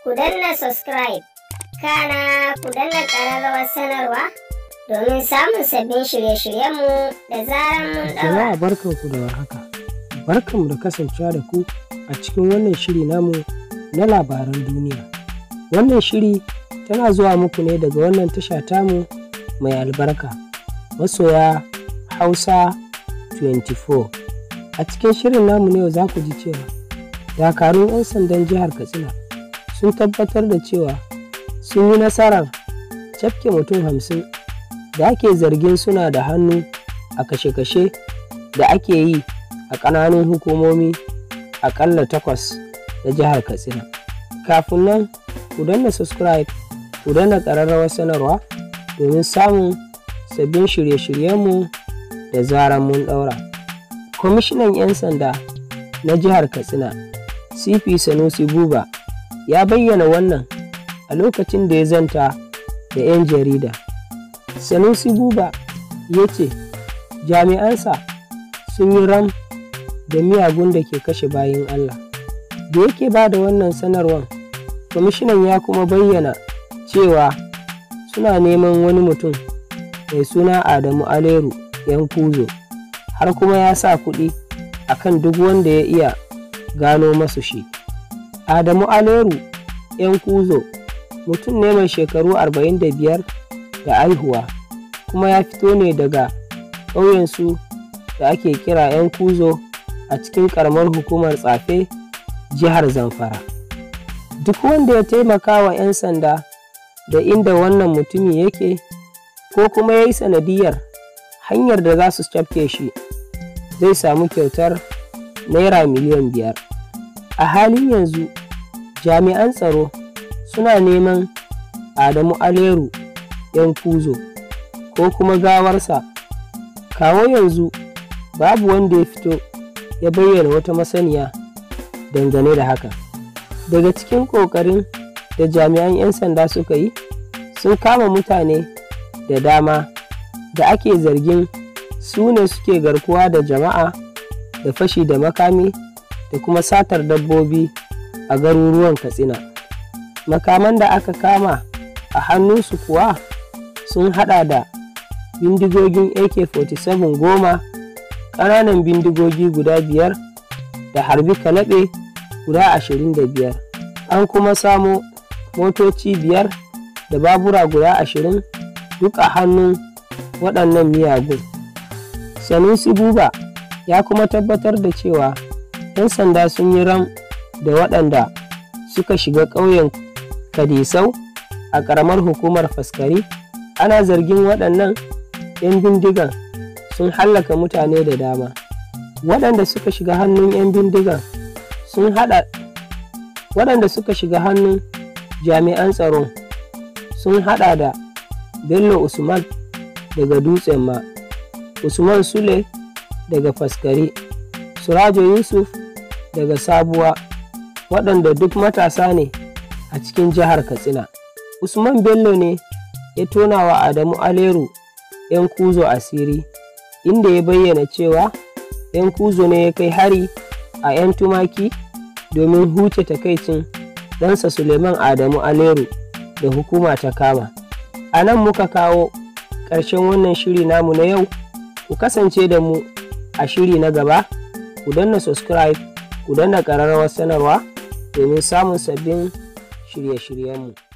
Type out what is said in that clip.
ku danna subscribe kana ku danna ƙararrawar sanarwa domin samun sabbin shirye-shiryenmu da zarar mun ɗaura. Jama'a barkanku da warhaka. Barkanmu da kasancewa da ku a cikin wannan shiri namu na labaran duniya. Wannan shiri tana zuwa muku ne daga wannan tasha tamu mai albarka. Masoya Hausa 24. A cikin shirin namu ne za ku ji cewa dakarun 'yan sandan jihar Katsina sun tabbatar da cewa sun yi nasarar cafke mutum hamsin da ake zargin suna da hannu a kashe-kashe da ake yi a ƙananan hukumomi aƙalla takwas na jihar katsina kafin nan ku danna subscribe ku danna ƙararrawar sanarwa domin samun sabbin shirye-shiryenmu da zaran mun ɗaura kwamishinan 'yan sanda na jihar katsina cp sanusi buba ya bayyana wannan a lokacin da ya zanta da 'yan jarida sanusi buba ya ce jami'ansa sun yi ram da miyagun da ke kashe bayan allah da yake ba da wannan sanarwar kwamishinan ya kuma bayyana cewa suna neman wani mutum mai suna adamu aleru yan kuzo har kuma ya sa kuɗi akan duk wanda ya iya gano masu shi Adamu Aleru 'yan kuzo, mutum ne mai shekaru 45 da aihuwa kuma ya fito ne daga ƙauyensu da ake kira 'yan kuzo a cikin ƙaramar hukumar tsafe jihar Zamfara. Duk wanda ya taimaka wa 'yan sanda da inda wannan mutumi yake ko kuma ya yi sanadiyar hanyar da za su cafke shi zai samu kyautar naira miliyan biyar. a halin yanzu jami'an tsaro suna neman adamu aleru yan kuzo ko kuma gawarsa kawo yanzu babu wanda ya fito ya bayyana wata masaniya dangane da haka daga cikin ƙoƙarin da jami'an 'yan sanda suka yi sun kama mutane da dama da ake zargin su ne suke garkuwa da jama'a da fashi da makami da kuma satar dabbobi a garuruwan katsina makaman da aka kama a hannunsu kuwa sun hada da bindigogin ak-47 goma ƙananan bindigogi guda biyar da harbi kalaɓe guda ashirin da biyar. an kuma samo motoci biyar da babura guda ashirin, duk a hannun waɗannan miyagun sanusi buba ya kuma tabbatar da cewa 'yan sanda sun yi ram da waɗanda suka shiga ƙauyen kadisau a ƙaramar hukumar faskari ana zargin waɗannan 'yan bindigan sun hallaka mutane da dama waɗanda suka shiga hannun 'yan bindigan sun haɗa waɗanda suka shiga hannun jami'an tsaro sun haɗa da bello usman daga dutsen ma usman sule daga faskari surajo yusuf daga Sabuwa waɗanda duk matasa ne a cikin jihar Katsina. Usman Bello ne ya tona wa Adamu Aleru 'yan kuzo asiri inda ya bayyana cewa 'yan kuzo ne ya kai hari a 'yan tumaki domin huce takaicin ɗansa Suleiman Adamu Aleru da hukuma ta kama. A nan muka kawo ƙarshen wannan shiri namu na yau, ku kasance da mu a shiri na gaba, ku danna subscribe ku danna ƙararrawar sanarwa domin samun sabbin shirye-shiryenmu.